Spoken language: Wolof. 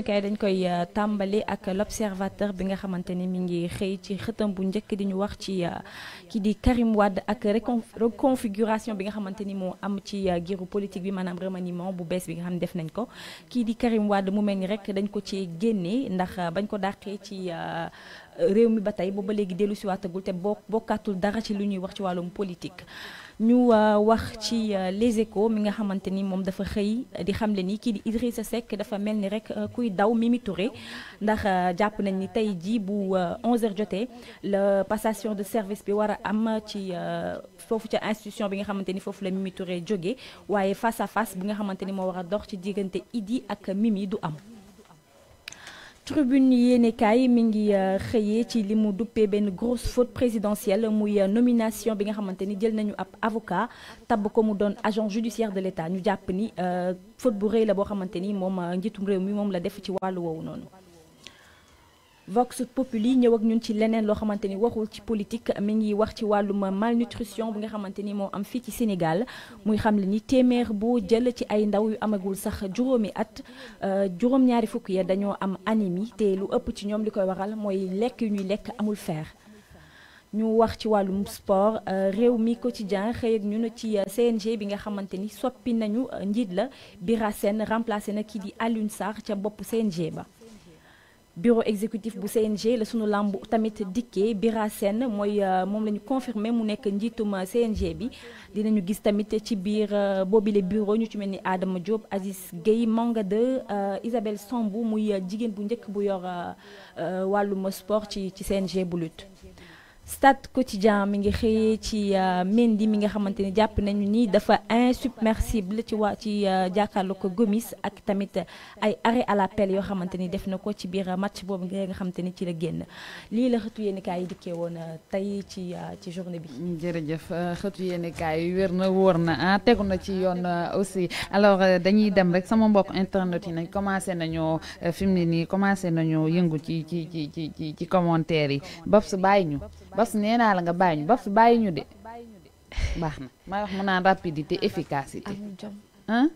ñu kay dañ koy euh, ak l'observateur bi nga xamanteni mi ngi ci xëtam bu di ñu wax ci euh, ki di Karim Wade ak reconfiguration bi nga euh, politique bi manam remaniement bu bi nga Karim réew mi ba tey ba léegi dellu si waatagul te boo bokkaatul dara ci lu ñuy wax ci wàllum politique ñu euh, wax ci euh, les échos mi nga xamante ni moom dafa xëy di xamle ni kii di Idrissa Seck dafa mel ni rek euh, kuy daw Mimi Touré ndax jàpp nañ ni tey jii bu 11h jotee la passation de service bi war a am ci foofu ci institution bi nga xamante ni foofu la Mimi Touré jóge waaye face à face bi nga xamante ni moo war a dox ci diggante Idi ak Mimi du am. tribune yéenekaay mi ngi euh, xëyee ci li mu duppee benn grosse faute présidentielle muy euh, nomination bi nga xamante ni jël nañu ab avocat tabb ko mu doon agent judiciaire de l'État ñu jàpp ni euh, faute bu rëy la boo xamante ni moom njiitum réew mi moom la def ci wàll woowu noonu Vox Populi ñëw ak ñun ci leneen lo xamanteni waxul ci politique mi ngi wax ci walum malnutrition bi nga xamanteni mo am fi ci Sénégal muy xam le ni téeméer boo jël ci ay ndaw yu amagul sax at euh, juróom-ñaari fukk ya dañoo am anémie té lu ëpp ci ñom likoy waral moy lekk yu ñuy lekk amul fer. ñu wax ci walum sport euh, réew quotidien xey ak ñun ci euh, CNG bi nga xamanteni soppi nañu njit la bi Sène remplacer na ki di Alioune Sarr ca bop CNG ba. bureau exécutif bu CNG la sunu làmb tamit dikkee Bira Sène mooy euh, moom la ñu confirmé mu nekk njiitum euh, CNG bi dinañu gis tamit ci biir euh, boobile bureau ñu ci mel ni aadama Diop Aziz Gueye Manga 2 Isabelle Sambou muy jigéen bu njëkk bu yor wàllum sport ci ci CNG bu lutte ko ci Quotidien mi ngi xëyee ci euh, Mendy mi nga xamante ni jàpp nañu nii dafa insubmersible ci waa ci euh, jàkkaarloo ko Gomis ak tamit ay arrêt à l'appel yoo xamante ni def na ko ci biir a match boobu nga xamante ni ci la génn lii la xëtu yéenekaay yi dikkee woon euh, tey ci ci journée bi. jërëjëf xëtu yéenekaay yi wér na wóor na ah tegu na ci yoon aussi alors dañuy dem rek sama mbokk internet yi nañ commencé nañoo fi mu ne nii commencé nañoo yëngu ci ci ci ci ci commentaire yi Babs bàyyi ñu. bas nee naa la nga bàyyi ñu bas bàyyi ñu de baax na may wax mu naan rapidité efficacité ah